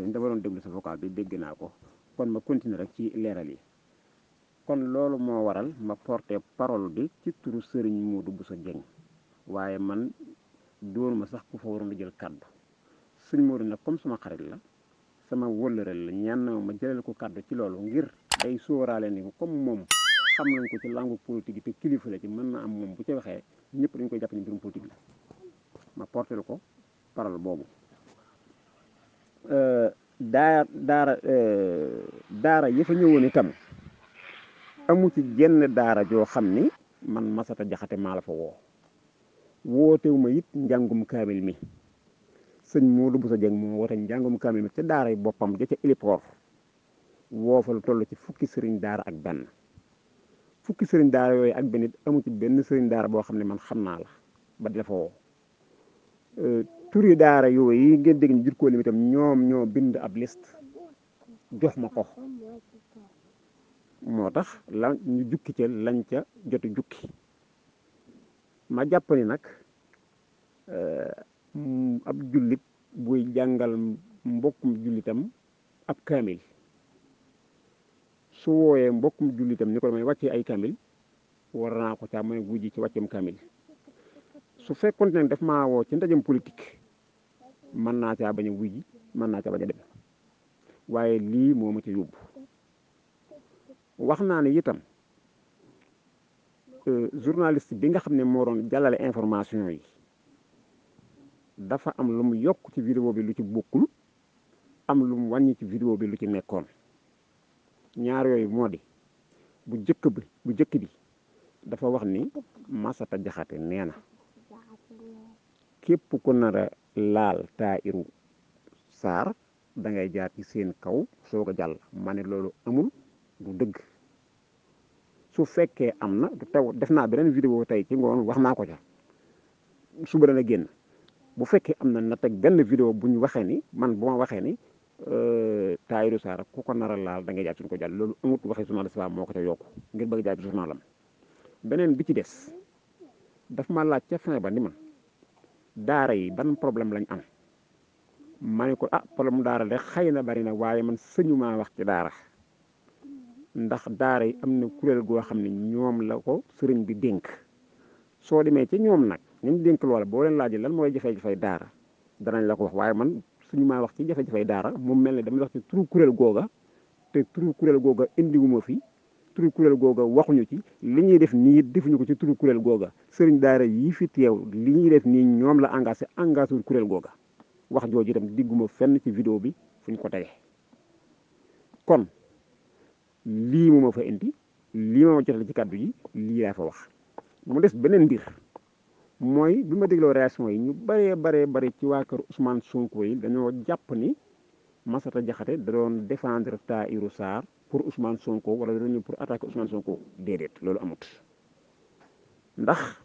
sëriñ dama doon déglu sa vocal bi dégg naa ko kon ma continuer rek ci leeral yi kon loolu moo waral ma porté parole bi ci turu sëriñ dugg Bousso Dieng waaye man doon ma sax ku fa waroon a jël kàddu sëriñ Modou nag comme sama xarit la sama wëllëral la ñaan na ma jëlal ko kàddu ci loolu ngir day sóoraale ni comme moom xam nañ ko ci langue politique yi te kilifa la ci mën na am moom bu ca waxee ñëpp dañ koy jàpp ni mbirum politique la ma porté ko parole boobu. Euh, daara daara euh, daara yi fa ñëwoon itam amu ci jenn daara joo xam ni man masata jaxate maa la fa woo wootewu it njàngum kaamil mi sëñ Modou Bousso Dieng moo woote njàngum kaamil mi ca daara yi boppam ja ca Ilipoor woo fa lu toll ci fukki sëriñ daara ak benn fukki sëriñ daara yooyu ak benn it amu ci benn sëriñ daara boo xam ne man xam naa la ba di la fa woo euh, turi daara yooyu ngeen dégg ñu jurkóo lim itam ñoom ñoo bind ab liste jox ma ko moo tax la ñu jukki ca lañ ca joti jukki ma jàpp ni nag eh, ab jullit buy jàngal mbokkum jullitam ab kaamil su wooyee mbokkum jullitam ni ko damay wàccee ay kaamil war naa ko caa mooy guji ci wàccum kaamil su fekkoon ne daf maa woo ci ndajam politique mën naa caa bañ a wuy mën naa ca bañ a dem waaye lii moo ma ci yóbbu wax naa ne itam euh, journaliste bi nga xam ne moo doon jàllale information yi dafa am lu mu yokk ci vidéo bi lu ci bokkul am lu mu wàññi ci vidéo bi lu ci nekkoon ñaar yooyu moo di bu jëkk bi bu jëkk bi dafa wax ni Massata Diakhaté nee na képp ku nar laal taa'iru saar dangay jaar ci seen kaw soog a jàll ma ne loolu amul du dëgg su fekkee am na taw def naa beneen vidéo tey ci ngoon wax naa ko ca suba dana génn bu fekkee am na na teg benn vidéo bu ñu waxee ni man bu ma waxee ni euh, taayiru saar ku ko nar a laal da ngay jaar suñ ko jàll loolu amut waxee journal islam moo ko ca yokku ngir bëgg jaar ci journalam beneen bi ci des daf ma laaj ca fin ba ni ma daara yi ban problème lañ am ma ne ko ah problème daara de xëy na bari na waaye man sëñumaa wax ci daara ndax daara yi am na kuréel goo xam ne ñoom la ko sëriñ bi dénk soo demee ci ñoom nag ñañ dénk loola boo leen laajee lan mooy jafe-jafey daara danañ la ko wax waaye man sëñumaa wax ci jafe-jafey daara mu mel ne damay wax ci turu kuréel googa te turu kuréel googa indiwuma fi turu kuréel googa waxuñu ci li ñuy def nii defuñu ko ci turu kuréel googa sëriñ daara yii fi teew li ñuy def nii ñoom la engagé engagé wul kuréel googa wax jooju itam digguma fenn ci vidéo bi fuñ ko tege kon lii mu ma fa indi lii ma ma jotale ci kàddu yi lii laa fa wax mu des beneen mbir mooy bi ma dégloo réaction yi ñu baree bare bari ci waa kër Ousmane Sonko yi dañoo jàpp ni ta jaxate da doon défendre ta irusar pour Ousmane Sonko wala da doon pour attaquer Ousmane Sonko dedet loolu amut ndax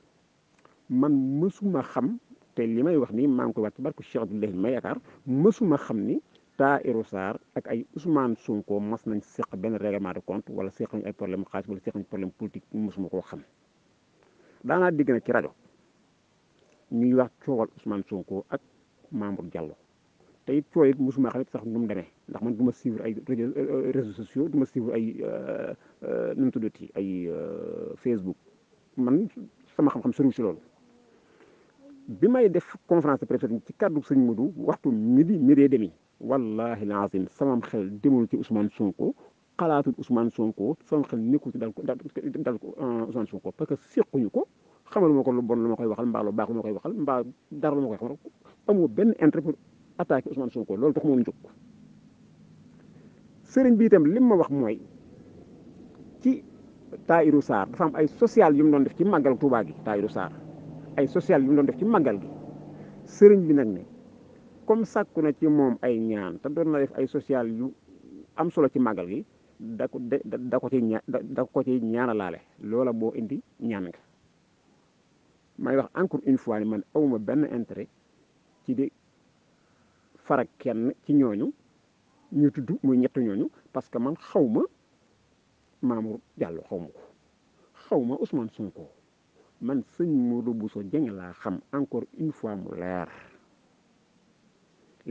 man mësuma xam té limay wax ni maa ngi wax barku Cheikh Abdoulaye mayakar yaakaar mësuma xam ni ta irusar ak ay Ousmane Sonko mas nañ seq ben règlement de compte wala seq ay problème xass wala seq ay problème politique mësuma ko xam na digg na ci radio ñuy wax coowal Ousmane Sonko ak Mamour Diallo. te it coow it mosuma xam sax nu mu demee ndax man du ma suivre ay réseaux sociaux du ma suivre ay nu mu tuddati ay Facebook man sama xam-xam soriwul si loolu. bi may def conférence de presse ci kàddu sëñ Modou waxtu midi midi et demi wallaahi laasim samam xel demul ci Ousmane Sonko xalaatul Ousmane Sonko sama xel nekkul ci dal ko dal ko Ousmane Sonko parce que sequñu ko xamaluma ko lu bon lu ma koy waxal mbaa lu baax lu ma koy waxal mbaa dara lu ma koy xamal amul benn intérêt attaqué Ousmane Sonko loolu tax moom jóg sëriñ bi itam lim ma wax mooy ci Tahirou Sarr dafa am ay sociale yu mu doon def ci màggal Touba gi Tahirou saar ay sociale yu mu doon def ci màggal gi sëriñ bi nag ne comme sàkku na ci moom ay ñaan te doon na def ay sociale yu am solo ci màggal gi da ko ci da ko ci ñaanalaale loola boo indi ñaan nga may wax encore une fois man awuma benn intérêt ci di farak kenn ci ñooñu ñu tudd muy ñett ñooñu parce que man xaw ma Mamour Diallo xaw ma ko xaw ma Ousmane man sëñ Modou Bousso Dieng laa xam encore une fois mu leer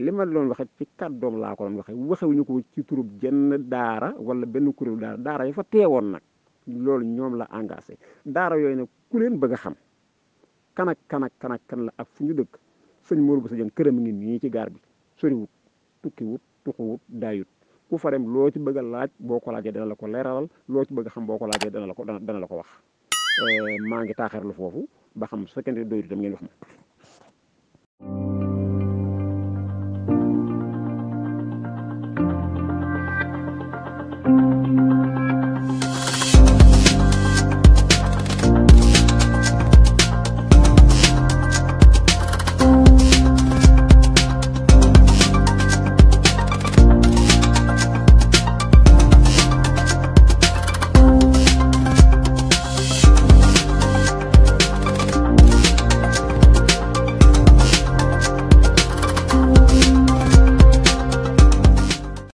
li ma doon ci kàddoom laa ko doon waxe waxewuñu ko ci turub jenn daara wala benn kuréelu daara daara yi fa teewoon nag loolu ñoom la engage daara yooyu nag ku leen bëgg a xam kan kanak kan kan la ak fu ñu dëkk sëñ Modou Bousso Dieng këram ngi nii ci gaar bi soriwut tukkiwut tuxuwut daayut ku fa loo ci bëgg laaj boo ko laajee dana la ko leeralal loo ci bëgg xam boo ko laajee dana la ko dana la ko wax eh, maa ngi taaxirlu foofu ba xam su fekkente doyut itam ngeen wax ma